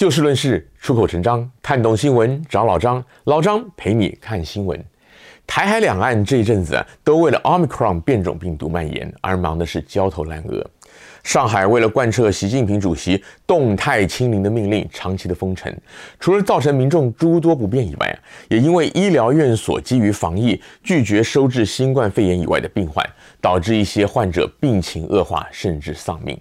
就事論事，出口成章，看懂新聞找老張，老張陪你看新聞。台海兩岸這一陣子啊，都為了 Omicron 變種病毒蔓延而忙的是焦頭爛額。上海為了貫徹習近平主席動態清零的命令，長期的封城，除了造成民眾諸多不便以外，也因為醫療院所基於防疫拒絕收治新冠肺炎以外的病患，導致一些患者病情惡化甚至喪命。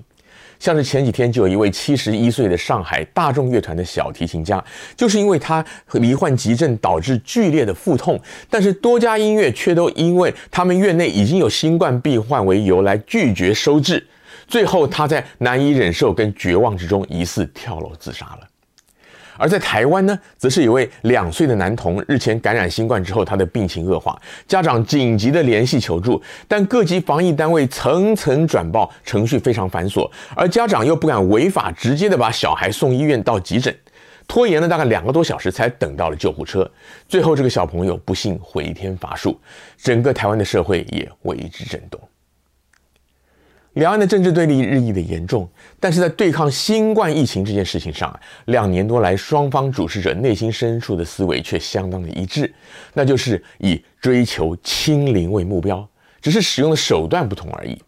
像是前幾天就有一位七十一歲的上海大眾樂團的小提琴家，就是因為他罹患急症，導致劇烈的腹痛，但是多家醫院卻都因為他們院內已經有新冠病患為由來拒絕收治，最後他在難以忍受跟絕望之中疑似跳樓自殺了。而在台灣呢，則是一位兩歲的男童日前感染新冠之後，他的病情惡化，家長緊急的聯繫求助，但各級防疫單位層層轉報，程序非常繁瑣，而家長又不敢違法直接的把小孩送醫院到急診，拖延了大概兩個多小時才等到了救護車，最後這個小朋友不幸回天乏術，整個台灣的社會也為之震動。兩岸的政治對立日益的嚴重，但是在對抗新冠疫情這件事情上啊，兩年多來，雙方主持者內心深處的思維卻相當的一致，那就是以追求清零為目標，只是使用的手段不同而已。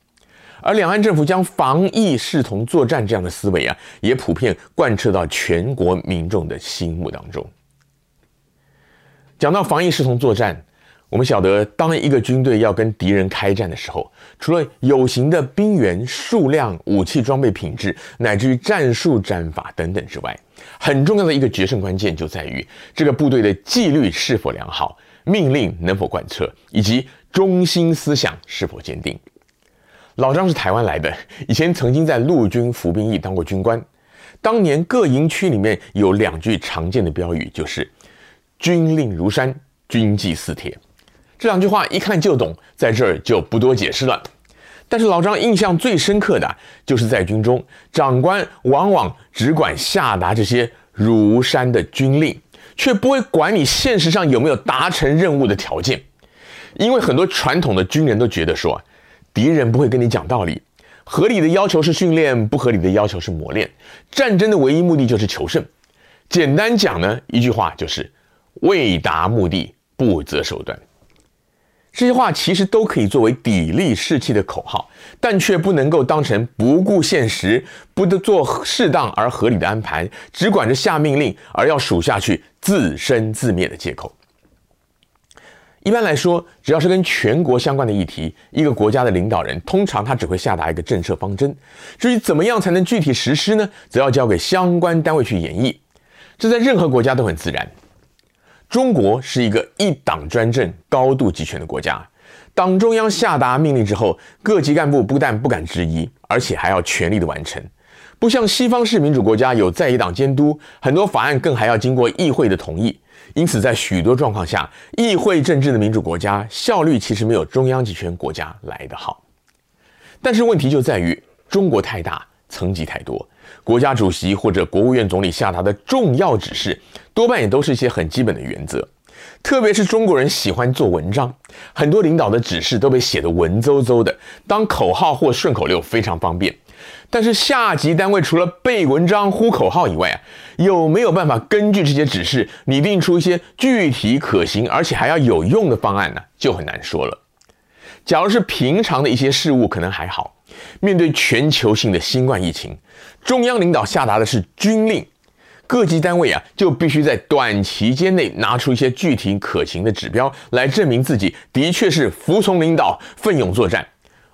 而兩岸政府將防疫視同作戰這樣的思維啊，也普遍貫徹到全國民眾的心目當中。講到防疫視同作戰。我們曉得，當一個軍隊要跟敵人開戰的時候，除了有形的兵員數量、武器裝備品質，乃至於戰術戰法等等之外，很重要的一個決勝關鍵就在於這個部隊的紀律是否良好，命令能否貫徹，以及中心思想是否堅定。老章是台灣來的，以前曾經在陸軍服兵役，當過軍官。當年各營區裡面有兩句常見的標語，就是“軍令如山，軍紀似鐵”。這兩句話一看就懂，在這兒就不多解釋了。但是老章印象最深刻的，就是在軍中，長官往往只管下達這些如山的軍令，卻不會管你現實上有沒有達成任務的條件。因為很多傳統的軍人都覺得說，敵人不會跟你講道理，合理的要求是訓練，不合理的要求是磨練。戰爭的唯一目的就是求勝。簡單講呢，一句話就是，為達目的不擇手段。這些話其實都可以作為砥礪士氣的口號，但卻不能夠當成不顧現實、不得做適當而合理的安排，只管着下命令而要屬下去自生自滅的借口。一般來說，只要是跟全國相關的議題，一個國家的領導人通常他只會下達一個政策方針，至於怎麼樣才能具體實施呢，則要交給相關單位去演繹。這在任何國家都很自然。中國是一個一黨專政、高度集權的國家。黨中央下達命令之後，各級幹部不但不敢質疑，而且還要全力的完成。不像西方式民主國家有在野黨監督，很多法案更還要經過議會的同意。因此，在許多狀況下，議會政治的民主國家效率其實沒有中央集權國家來得好。但是問題就在於中國太大，層級太多。國家主席或者國務院總理下達的重要指示，多半也都是一些很基本的原則。特別是中國人喜歡做文章，很多領導的指示都被寫得文縐縐的，當口號或順口溜非常方便。但是下級單位除了背文章、呼口號以外啊，有沒有辦法根據這些指示擬定出一些具體可行，而且還要有用的方案呢啊？就很難說了。假如是平常的一些事務可能還好；面對全球性的新冠疫情，中央領導下達的是軍令，各級單位啊就必須在短期間內拿出一些具體可行的指標來證明自己的確是服從領導、奮勇作戰。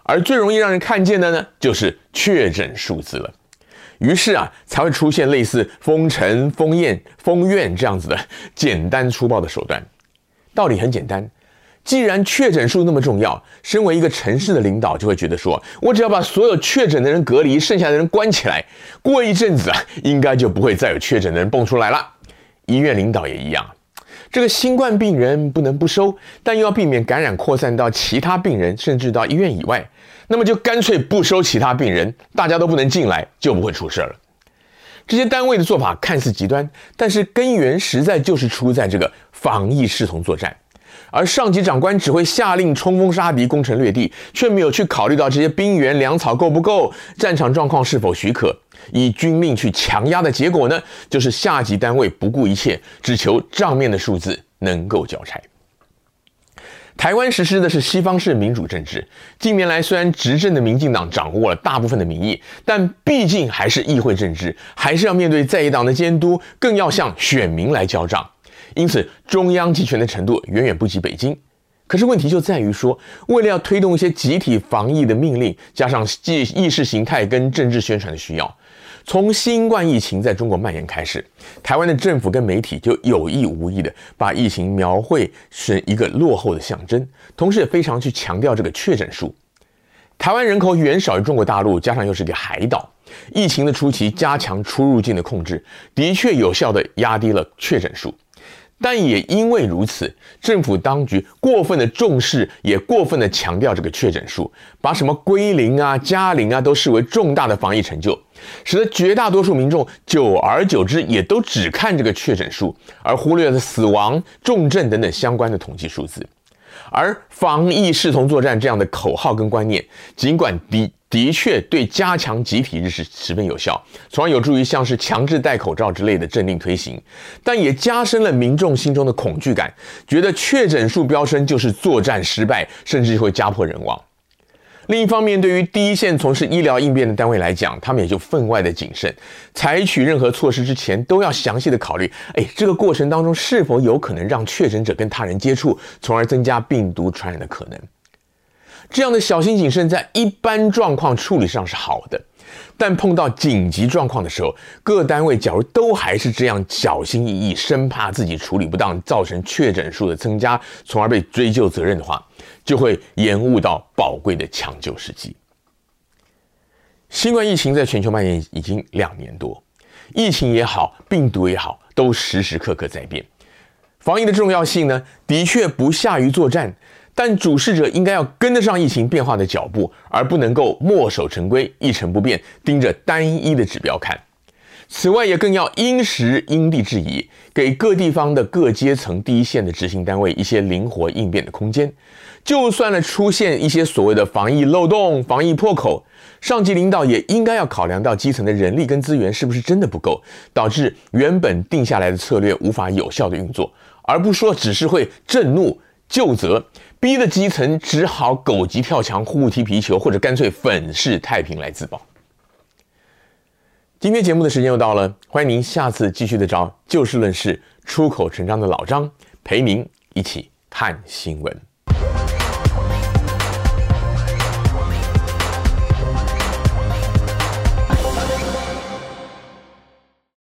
而最容易讓人看見的呢，就是確診數字了。於是啊，才會出現類似封城、封宴、封院這樣子的簡單粗暴的手段。道理很簡單。既然確診數那麼重要，身為一個城市的領導就會覺得說，說我只要把所有確診的人隔離，剩下的人關起來，過一陣子啊，應該就不會再有確診的人蹦出來了。醫院領導也一樣，這個新冠病人不能不收，但又要避免感染擴散到其他病人，甚至到醫院以外，那麼就乾脆不收其他病人，大家都不能進來，就不會出事了。這些單位的做法看似極端，但是根源實在就是出在這個防疫視同作戰。而上級長官只會下令衝鋒殺敵、攻城略地，卻沒有去考慮到這些兵員、糧草夠不夠，戰場狀況是否許可，以軍令去強壓的結果呢，就是下級單位不顧一切，只求賬面的數字能夠交差。台灣實施的是西方式民主政治，近年來雖然執政的民進黨掌握了大部分的民意，但畢竟還是議會政治，還是要面對在野黨的監督，更要向選民來交賬。因此，中央集權的程度遠遠不及北京。可是問題就在於說，為了要推動一些集體防疫的命令，加上意意識形態跟政治宣傳的需要，從新冠疫情在中國蔓延開始，臺灣的政府跟媒體就有意無意的把疫情描繪成一個落後的象徵，同時也非常去強調這個確診數。臺灣人口遠少於中國大陸，加上又是一個海島，疫情的初期加強出入境的控制，的確有效的壓低了確診數。但也因為如此，政府當局過分的重視，也過分的強調這個確診數，把什麼歸零啊、加零啊，都視為重大的防疫成就，使得絕大多數民眾久而久之也都只看這個確診數，而忽略了死亡、重症等等相關的統計數字。而“防疫視同作戰”這樣的口號跟觀念，儘管低，的確對加強集體意識十分有效，從而有助於像是強制戴口罩之類的政令推行，但也加深了民眾心中的恐懼感，覺得確診數飆升就是作戰失敗，甚至會家破人亡。另一方面，對於第一線從事醫療應變的單位來講，他們也就分外的謹慎，採取任何措施之前都要詳細的考慮，哎，這個過程當中是否有可能讓確診者跟他人接觸，從而增加病毒傳染的可能。這樣的小心謹慎在一般狀況處理上是好的，但碰到緊急狀況的時候，各單位假如都還是這樣小心翼翼，生怕自己處理不當造成確診數的增加，從而被追究責任的話，就會延誤到寶貴的搶救時機。新冠疫情在全球蔓延已經兩年多，疫情也好，病毒也好，都時時刻刻在變，防疫的重要性呢，的確不下於作戰。但主事者應該要跟得上疫情變化的腳步，而不能夠墨守成規、一成不變，盯着單一的指標看。此外，也更要因時因地制宜，給各地方的各階層、第一線的執行單位一些靈活應變的空間。就算了出現一些所謂的防疫漏洞、防疫破口，上級領導也應該要考量到基層的人力跟資源是不是真的不夠，導致原本定下來的策略無法有效的運作，而不說只是會震怒。究責逼得基層只好狗急跳牆、互踢皮球，或者乾脆粉飾太平來自保。今天節目的時間又到了，歡迎您下次繼續的找就事論事、出口成章的老章陪您一起看新聞。